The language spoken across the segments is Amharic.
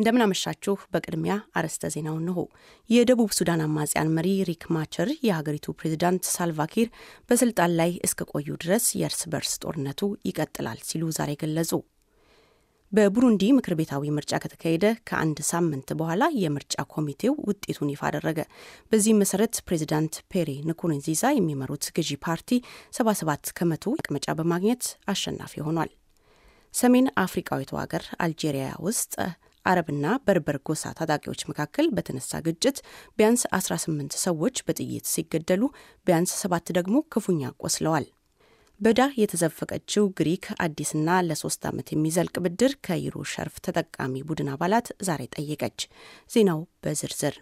እንደምናመሻችሁ በቅድሚያ አርዕስተ ዜናው እንሆ። የደቡብ ሱዳን አማጽያን መሪ ሪክ ማቸር የሀገሪቱ ፕሬዚዳንት ሳልቫኪር በስልጣን ላይ እስከ ቆዩ ድረስ የእርስ በርስ ጦርነቱ ይቀጥላል ሲሉ ዛሬ ገለጹ። በቡሩንዲ ምክር ቤታዊ ምርጫ ከተካሄደ ከአንድ ሳምንት በኋላ የምርጫ ኮሚቴው ውጤቱን ይፋ አደረገ። በዚህም መሰረት ፕሬዚዳንት ፔሬ ንኩሩንዚዛ የሚመሩት ገዢ ፓርቲ 77 ከመቶ መቀመጫ በማግኘት አሸናፊ ሆኗል። ሰሜን አፍሪቃዊቱ ሀገር አልጄሪያ ውስጥ አረብና በርበር ጎሳ ታጣቂዎች መካከል በተነሳ ግጭት ቢያንስ 18 ሰዎች በጥይት ሲገደሉ ቢያንስ ሰባት ደግሞ ክፉኛ ቆስለዋል። በዳ የተዘፈቀችው ግሪክ አዲስና ለሶስት ዓመት የሚዘልቅ ብድር ከዩሮ ሸርፍ ተጠቃሚ ቡድን አባላት ዛሬ ጠየቀች። ዜናው በዝርዝር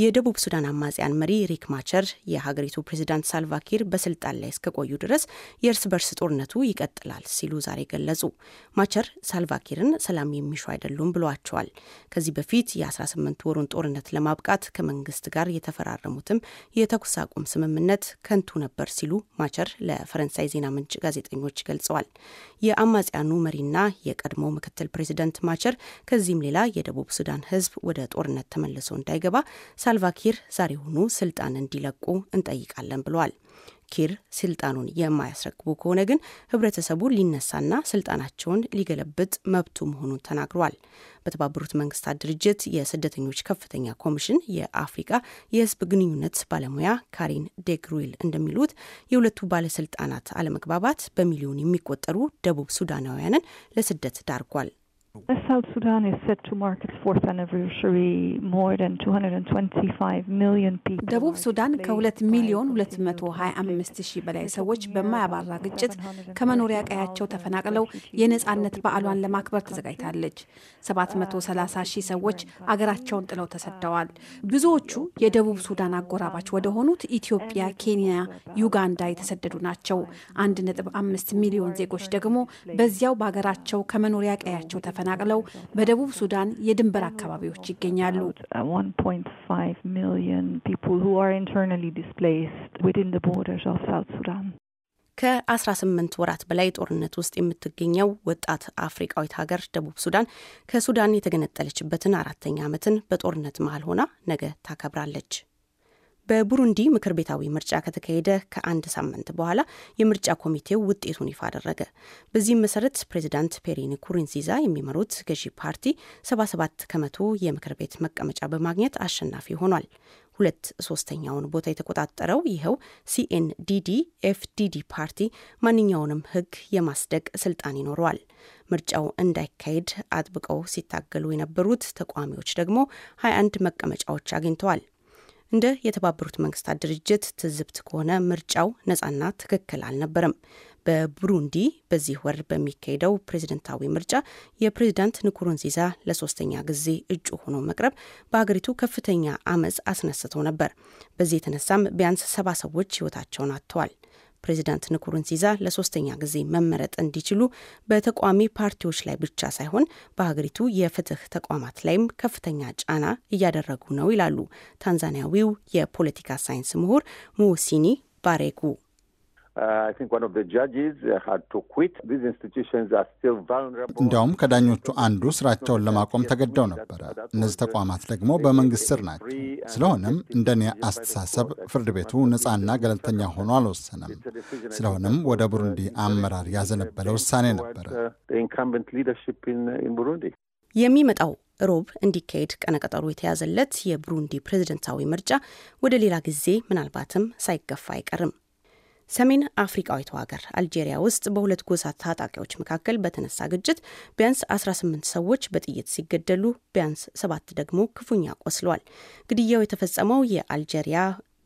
የደቡብ ሱዳን አማጽያን መሪ ሪክ ማቸር የሀገሪቱ ፕሬዚዳንት ሳልቫኪር በስልጣን ላይ እስከቆዩ ድረስ የእርስ በርስ ጦርነቱ ይቀጥላል ሲሉ ዛሬ ገለጹ። ማቸር ሳልቫኪርን ሰላም የሚሹ አይደሉም ብሏቸዋል። ከዚህ በፊት የ18 ወሩን ጦርነት ለማብቃት ከመንግስት ጋር የተፈራረሙትም የተኩስ አቁም ስምምነት ከንቱ ነበር ሲሉ ማቸር ለፈረንሳይ ዜና ምንጭ ጋዜጠኞች ገልጸዋል። የአማጽያኑ መሪና የቀድሞ ምክትል ፕሬዚዳንት ማቸር ከዚህም ሌላ የደቡብ ሱዳን ህዝብ ወደ ጦርነት ተመልሶ እንዳይገባ ሳልቫኪር ዛሬውኑ ስልጣን እንዲለቁ እንጠይቃለን ብለዋል። ኪር ስልጣኑን የማያስረክቡ ከሆነ ግን ህብረተሰቡ ሊነሳና ስልጣናቸውን ሊገለብጥ መብቱ መሆኑን ተናግረዋል። በተባበሩት መንግስታት ድርጅት የስደተኞች ከፍተኛ ኮሚሽን የአፍሪቃ የህዝብ ግንኙነት ባለሙያ ካሪን ዴግሩል እንደሚሉት የሁለቱ ባለስልጣናት አለመግባባት በሚሊዮን የሚቆጠሩ ደቡብ ሱዳናውያንን ለስደት ዳርጓል። South Sudan is set to mark its fourth anniversary. More than 225 million people. ደቡብ ሱዳን ከ2 ሚሊዮን 225 ሺህ በላይ ሰዎች በማያባራ ግጭት ከመኖሪያ ቀያቸው ተፈናቅለው የነጻነት በዓሏን ለማክበር ተዘጋጅታለች። 730 ሺህ ሰዎች አገራቸውን ጥለው ተሰደዋል። ብዙዎቹ የደቡብ ሱዳን አጎራባች ወደ ሆኑት ኢትዮጵያ፣ ኬንያ፣ ዩጋንዳ የተሰደዱ ናቸው። 1.5 ሚሊዮን ዜጎች ደግሞ በዚያው በሀገራቸው ከመኖሪያ ቀያቸው ተፈናቅለው ተፈናቅለው በደቡብ ሱዳን የድንበር አካባቢዎች ይገኛሉ። ከ18 ወራት በላይ ጦርነት ውስጥ የምትገኘው ወጣት አፍሪቃዊት ሀገር ደቡብ ሱዳን ከሱዳን የተገነጠለችበትን አራተኛ ዓመትን በጦርነት መሀል ሆና ነገ ታከብራለች። በቡሩንዲ ምክር ቤታዊ ምርጫ ከተካሄደ ከአንድ ሳምንት በኋላ የምርጫ ኮሚቴው ውጤቱን ይፋ አደረገ። በዚህም መሰረት ፕሬዚዳንት ፔሪን ኩሪንዚዛ የሚመሩት ገዢ ፓርቲ 77 ከመቶ የምክር ቤት መቀመጫ በማግኘት አሸናፊ ሆኗል። ሁለት ሶስተኛውን ቦታ የተቆጣጠረው ይኸው ሲኤንዲዲ ኤፍዲዲ ፓርቲ ማንኛውንም ሕግ የማስደቅ ስልጣን ይኖረዋል። ምርጫው እንዳይካሄድ አጥብቀው ሲታገሉ የነበሩት ተቃዋሚዎች ደግሞ 21 መቀመጫዎች አግኝተዋል። እንደ የተባበሩት መንግስታት ድርጅት ትዝብት ከሆነ ምርጫው ነጻና ትክክል አልነበረም። በቡሩንዲ በዚህ ወር በሚካሄደው ፕሬዝደንታዊ ምርጫ የፕሬዝዳንት ንኩሩንዚዛ ለሶስተኛ ጊዜ እጩ ሆኖ መቅረብ በሀገሪቱ ከፍተኛ አመፅ አስነስተው ነበር። በዚህ የተነሳም ቢያንስ ሰባ ሰዎች ህይወታቸውን አጥተዋል። ፕሬዚዳንት ንኩሩንዚዛ ለሶስተኛ ጊዜ መመረጥ እንዲችሉ በተቋሚ ፓርቲዎች ላይ ብቻ ሳይሆን በሀገሪቱ የፍትህ ተቋማት ላይም ከፍተኛ ጫና እያደረጉ ነው ይላሉ ታንዛኒያዊው የፖለቲካ ሳይንስ ምሁር ሙሲኒ ባሬኩ። Uh, uh, እንዲያውም ከዳኞቹ አንዱ ስራቸውን ለማቆም ተገደው ነበረ። እነዚህ ተቋማት ደግሞ በመንግስት ስር ናቸው። ስለሆነም እንደኔ አስተሳሰብ ፍርድ ቤቱ ነፃና ገለልተኛ ሆኖ አልወሰነም። ስለሆነም ወደ uh, ቡሩንዲ አመራር ያዘነበለ ውሳኔ ነበረ። የሚመጣው ሮብ እንዲካሄድ ቀነቀጠሩ የተያዘለት የቡሩንዲ ፕሬዝደንታዊ ምርጫ ወደ ሌላ ጊዜ ምናልባትም ሳይገፋ አይቀርም። ሰሜን አፍሪቃዊቷ ሀገር አልጄሪያ ውስጥ በሁለት ጎሳ ታጣቂዎች መካከል በተነሳ ግጭት ቢያንስ 18 ሰዎች በጥይት ሲገደሉ ቢያንስ ሰባት ደግሞ ክፉኛ ቆስለዋል። ግድያው የተፈጸመው የአልጄሪያ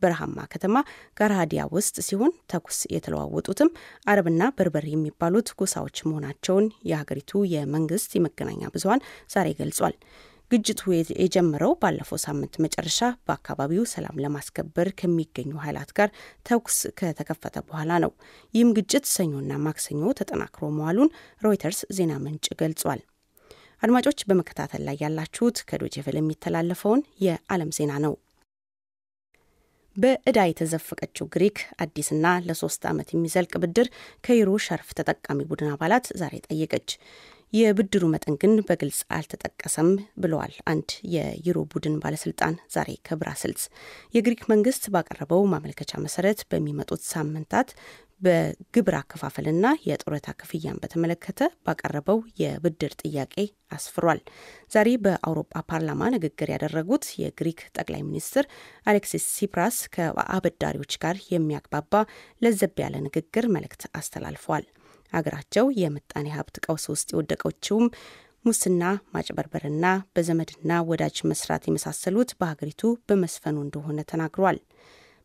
በረሃማ ከተማ ጋርሃዲያ ውስጥ ሲሆን ተኩስ የተለዋወጡትም አረብና በርበር የሚባሉት ጎሳዎች መሆናቸውን የሀገሪቱ የመንግስት የመገናኛ ብዙሀን ዛሬ ገልጿል። ግጭቱ የጀመረው ባለፈው ሳምንት መጨረሻ በአካባቢው ሰላም ለማስከበር ከሚገኙ ኃይላት ጋር ተኩስ ከተከፈተ በኋላ ነው። ይህም ግጭት ሰኞና ማክሰኞ ተጠናክሮ መዋሉን ሮይተርስ ዜና ምንጭ ገልጿል። አድማጮች በመከታተል ላይ ያላችሁት ከዶጀቨል የሚተላለፈውን የዓለም ዜና ነው። በዕዳ የተዘፈቀችው ግሪክ አዲስና ለሶስት ዓመት የሚዘልቅ ብድር ከዩሮ ሸርፍ ተጠቃሚ ቡድን አባላት ዛሬ ጠየቀች። የብድሩ መጠን ግን በግልጽ አልተጠቀሰም ብለዋል አንድ የዩሮ ቡድን ባለስልጣን ዛሬ ከብራስልስ። የግሪክ መንግስት ባቀረበው ማመልከቻ መሰረት በሚመጡት ሳምንታት በግብር አከፋፈልና የጡረታ ክፍያን በተመለከተ ባቀረበው የብድር ጥያቄ አስፍሯል። ዛሬ በአውሮፓ ፓርላማ ንግግር ያደረጉት የግሪክ ጠቅላይ ሚኒስትር አሌክሲስ ሲፕራስ ከአበዳሪዎች ጋር የሚያግባባ ለዘብ ያለ ንግግር መልእክት አስተላልፈዋል። አገራቸው የምጣኔ ሀብት ቀውስ ውስጥ የወደቀችውም ሙስና፣ ማጭበርበርና በዘመድና ወዳጅ መስራት የመሳሰሉት በሀገሪቱ በመስፈኑ እንደሆነ ተናግሯል።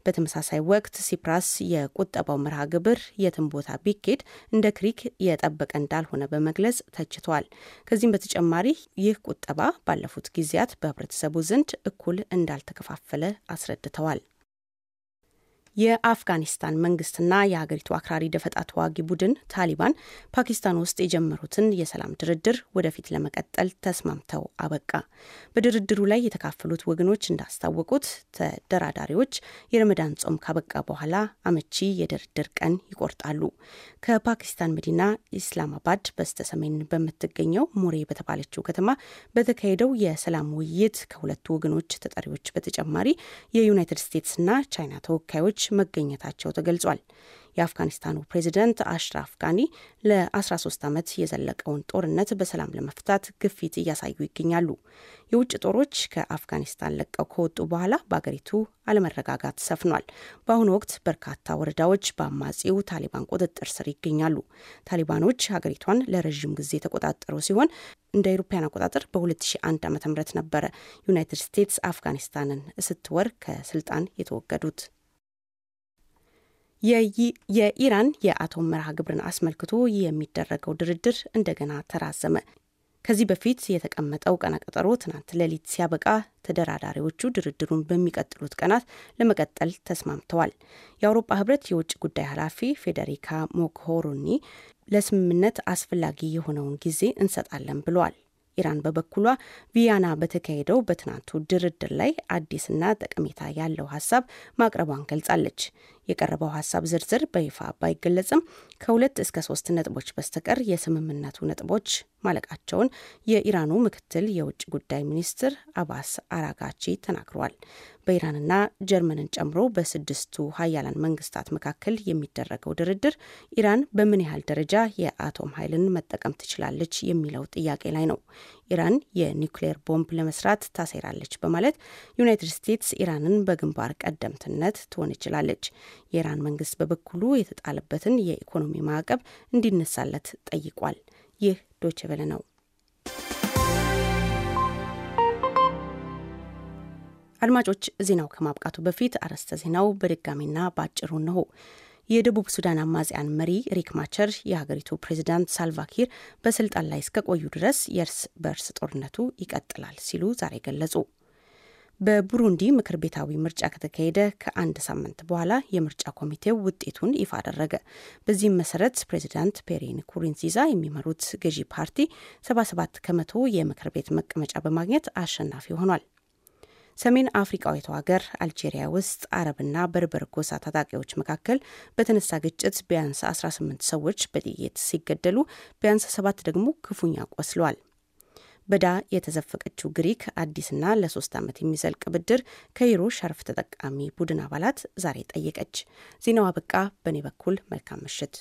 በተመሳሳይ ወቅት ሲፕራስ የቁጠባው መርሃ ግብር የትም ቦታ ቢኬድ እንደ ክሪክ የጠበቀ እንዳልሆነ በመግለጽ ተችቷል። ከዚህም በተጨማሪ ይህ ቁጠባ ባለፉት ጊዜያት በህብረተሰቡ ዘንድ እኩል እንዳልተከፋፈለ አስረድተዋል። የአፍጋኒስታን መንግስትና የሀገሪቱ አክራሪ ደፈጣ ተዋጊ ቡድን ታሊባን ፓኪስታን ውስጥ የጀመሩትን የሰላም ድርድር ወደፊት ለመቀጠል ተስማምተው አበቃ። በድርድሩ ላይ የተካፈሉት ወገኖች እንዳስታወቁት ተደራዳሪዎች የረመዳን ጾም ካበቃ በኋላ አመቺ የድርድር ቀን ይቆርጣሉ። ከፓኪስታን መዲና ኢስላማባድ በስተሰሜን በምትገኘው ሞሬ በተባለችው ከተማ በተካሄደው የሰላም ውይይት ከሁለቱ ወገኖች ተጠሪዎች በተጨማሪ የዩናይትድ ስቴትስና ቻይና ተወካዮች መገኘታቸው ተገልጿል። የአፍጋኒስታኑ ፕሬዚደንት አሽራፍ ጋኒ ለ13 ዓመት የዘለቀውን ጦርነት በሰላም ለመፍታት ግፊት እያሳዩ ይገኛሉ። የውጭ ጦሮች ከአፍጋኒስታን ለቀው ከወጡ በኋላ በአገሪቱ አለመረጋጋት ሰፍኗል። በአሁኑ ወቅት በርካታ ወረዳዎች በአማጺው ታሊባን ቁጥጥር ስር ይገኛሉ። ታሊባኖች ሀገሪቷን ለረዥም ጊዜ የተቆጣጠሩ ሲሆን እንደ አውሮፓውያን አቆጣጠር በ2001 ዓ.ም ነበረ ዩናይትድ ስቴትስ አፍጋኒስታንን ስትወር ከስልጣን የተወገዱት። የኢራን የአቶም መርሃ ግብርን አስመልክቶ የሚደረገው ድርድር እንደገና ተራዘመ። ከዚህ በፊት የተቀመጠው ቀና ቀጠሮ ትናንት ሌሊት ሲያበቃ ተደራዳሪዎቹ ድርድሩን በሚቀጥሉት ቀናት ለመቀጠል ተስማምተዋል። የአውሮፓ ህብረት የውጭ ጉዳይ ኃላፊ ፌዴሪካ ሞግሄሪኒ ለስምምነት አስፈላጊ የሆነውን ጊዜ እንሰጣለን ብለዋል። ኢራን በበኩሏ ቪያና በተካሄደው በትናንቱ ድርድር ላይ አዲስና ጠቀሜታ ያለው ሀሳብ ማቅረቧን ገልጻለች። የቀረበው ሀሳብ ዝርዝር በይፋ ባይገለጽም ከሁለት እስከ ሶስት ነጥቦች በስተቀር የስምምነቱ ነጥቦች ማለቃቸውን የኢራኑ ምክትል የውጭ ጉዳይ ሚኒስትር አባስ አራጋቺ ተናግረዋል። በኢራንና ጀርመንን ጨምሮ በስድስቱ ሀያላን መንግስታት መካከል የሚደረገው ድርድር ኢራን በምን ያህል ደረጃ የአቶም ኃይልን መጠቀም ትችላለች የሚለው ጥያቄ ላይ ነው። ኢራን የኒውክሌር ቦምብ ለመስራት ታሴራለች በማለት ዩናይትድ ስቴትስ ኢራንን በግንባር ቀደምትነት ትሆን ይችላለች። የኢራን መንግስት በበኩሉ የተጣለበትን የኢኮኖሚ ማዕቀብ እንዲነሳለት ጠይቋል። ይህ ዶቼ ቬለ ነው። አድማጮች ዜናው ከማብቃቱ በፊት አርዕስተ ዜናው በድጋሚና በአጭሩ ነው። የደቡብ ሱዳን አማጽያን መሪ ሪክ ማቸር የሀገሪቱ ፕሬዚዳንት ሳልቫኪር በስልጣን ላይ እስከቆዩ ድረስ የእርስ በእርስ ጦርነቱ ይቀጥላል ሲሉ ዛሬ ገለጹ። በቡሩንዲ ምክር ቤታዊ ምርጫ ከተካሄደ ከአንድ ሳምንት በኋላ የምርጫ ኮሚቴው ውጤቱን ይፋ አደረገ። በዚህም መሰረት ፕሬዚዳንት ፔሬን ኩሪንሲዛ የሚመሩት ገዢ ፓርቲ 77 ከመቶ የምክር ቤት መቀመጫ በማግኘት አሸናፊ ሆኗል። ሰሜን አፍሪቃዊቷ ሀገር አልጄሪያ ውስጥ አረብና በርበር ጎሳ ታጣቂዎች መካከል በተነሳ ግጭት ቢያንስ 18 ሰዎች በጥይት ሲገደሉ ቢያንስ ሰባት ደግሞ ክፉኛ ቆስለዋል። በዳ የተዘፈቀችው ግሪክ አዲስና ለሶስት ዓመት የሚዘልቅ ብድር ከዩሮ ሸርፍ ተጠቃሚ ቡድን አባላት ዛሬ ጠየቀች። ዜናው አበቃ። በእኔ በኩል መልካም ምሽት።